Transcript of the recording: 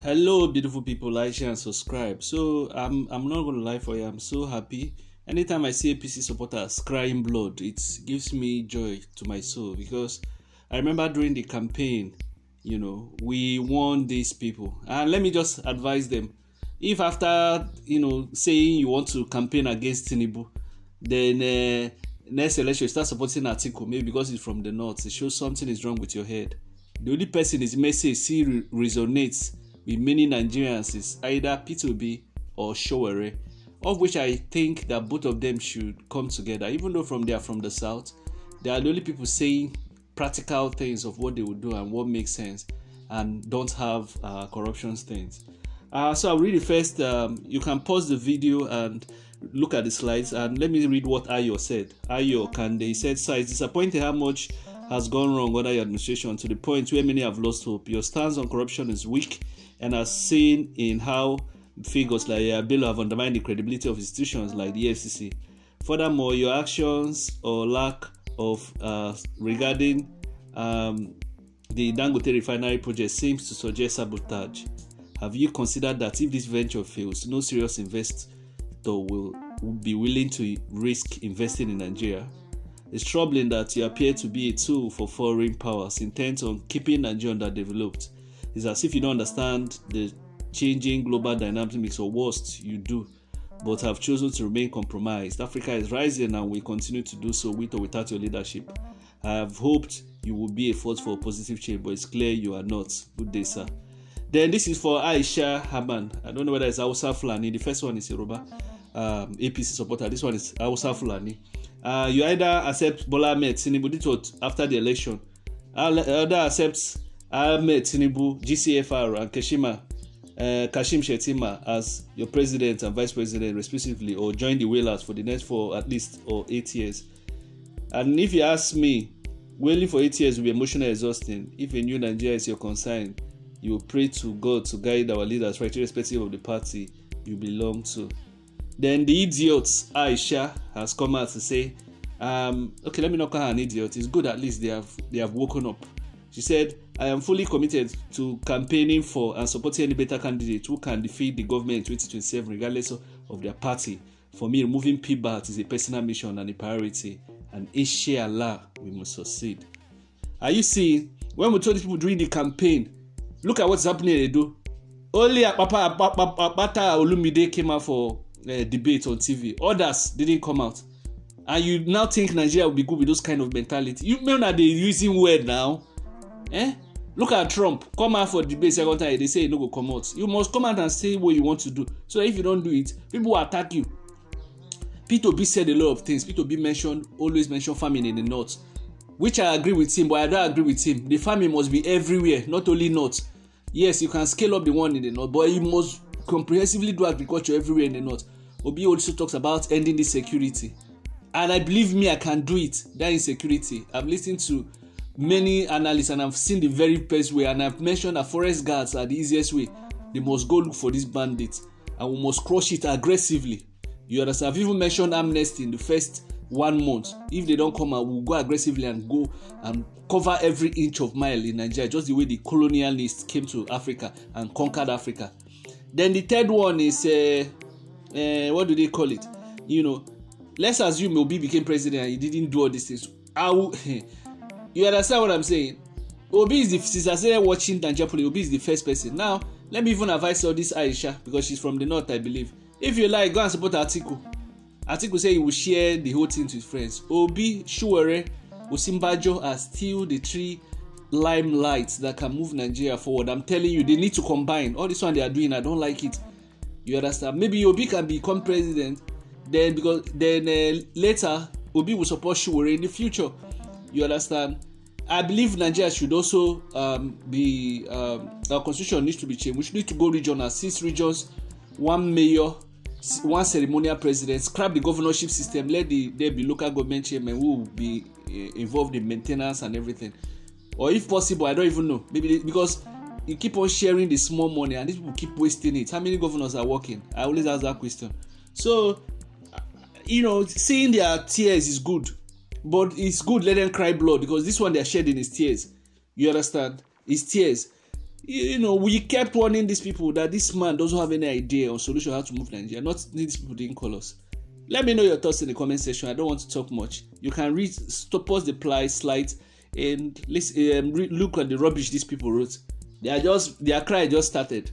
Hello, beautiful people. Like, share, and subscribe. So I'm I'm not gonna lie for you. I'm so happy. Anytime I see APC supporters crying blood, it gives me joy to my soul because I remember during the campaign, you know, we won these people. And let me just advise them: if after you know saying you want to campaign against Tinubu, then uh, next election you start supporting Atiku, maybe because it's from the north, it shows something is wrong with your head. The only person is message see resonates with many Nigerians is either P2B or Showere, of which I think that both of them should come together. Even though from they are from the south, they are the only people saying practical things of what they would do and what makes sense, and don't have uh, corruption things. Uh, so I'll read first. Um, you can pause the video and look at the slides and let me read what Ayo said. Ayo Kande said, so it's disappointing how much has gone wrong under your administration to the point where many have lost hope. Your stance on corruption is weak and as seen in how figures like Yabelo uh, have undermined the credibility of institutions like the FCC. Furthermore, your actions or lack of uh, regarding um, the Dangote refinery project seems to suggest sabotage. Have you considered that if this venture fails, no serious investor will be willing to risk investing in Nigeria? It's troubling that you appear to be a tool for foreign powers intent on keeping Nigeria underdeveloped. It's as if you don't understand the changing global dynamics, or worst, you do, but have chosen to remain compromised. Africa is rising and will continue to do so with or without your leadership. I have hoped you will be a force for a positive change, but it's clear you are not. Good day, sir. Then this is for Aisha Haman. I don't know whether it's Hausa Fulani. The first one is Yoruba um, APC supporter. This one is Hausa Fulani. uh, you either accept Bola Ahmed Tinubu this was after the election uh, either uh, accept Ahmed Tinubu GCFR and Kashima uh, Kashim Shetima as your president and vice president respectively or join the whalers for the next for at least or eight years and if you ask me whaling for eight years will be emotionally exhausting if a new Nigeria is your concern you pray to God to guide our leaders right irrespective of the party you belong to. Then the idiot Aisha has come out to say, um, okay, let me not call her an idiot. It's good at least they have they have woken up. She said, I am fully committed to campaigning for and supporting any better candidate who can defeat the government in 2027, regardless of their party. For me, removing PBAT is a personal mission and a priority, and inshallah, we must succeed. Are you seeing? When we told these people during the campaign, look at what's happening They do Only Apapa Apata Olumide came out for uh, debate on TV. Others didn't come out. And you now think Nigeria will be good with those kind of mentality. You know that they're using word now. Eh? Look at Trump. Come out for debate second time. They say you no go come out. You must come out and say what you want to do. So if you don't do it, people will attack you. Peter b said a lot of things. Peter b mentioned always mention famine in the north, which I agree with him, but I don't agree with him. The famine must be everywhere, not only north. Yes, you can scale up the one in the north, but you must comprehensively do agriculture everywhere in the north obi also talks about ending this security and i believe me i can do it that insecurity i've lis ten to many analysts and i've seen the very best way and i've mentioned that forest guards are the easiest way they must go look for these bandits and we must crush it aggressively you understand i've even mentioned amnesty in the first one month if they don come out we we'll go aggressively and go and cover every inch of mile in nigeria just the way the colonialists came to africa and conquered africa Then the third one is uh, uh, what do they call it? You know, let's assume Obi became president and he didn't do all these things. I you understand what I'm saying? Obi is the since I started watching Tanjapoli, Obi is the first person. Now, let me even advise all this Aisha because she's from the north, I believe. If you like, go and support Atiku. Atiku say he will share the whole thing to his friends. Obi, Shuwere, Osinbajo are still the three limelight that can move Nigeria forward. I'm telling you, they need to combine. All this one they are doing, I don't like it. You understand? Maybe Obi can become president, then because then uh, later Obi will support Shuwere in the future. You understand? I believe Nigeria should also um, be um, our constitution needs to be changed. We should need to go regional, six regions, one mayor, one ceremonial president. Scrap the governorship system. Let the, there be local government chairman who will be uh, involved in maintenance and everything. or if possible i don't even know maybe they, because you keep on sharing the small money and these people keep wasting it how many governors are working i always ask that question so uh, you know seeing their tears is good but it's good let them cry blood because this one they're shedding is tears you understand Is tears you know we kept warning these people that this man doesn't have any idea or solution how to move nigeria not these people didn't call us let me know your thoughts in the comment section i don't want to talk much you can read stop pause the play slide and listen, um, look at the rubbish these people wrote. They are just their cry just started.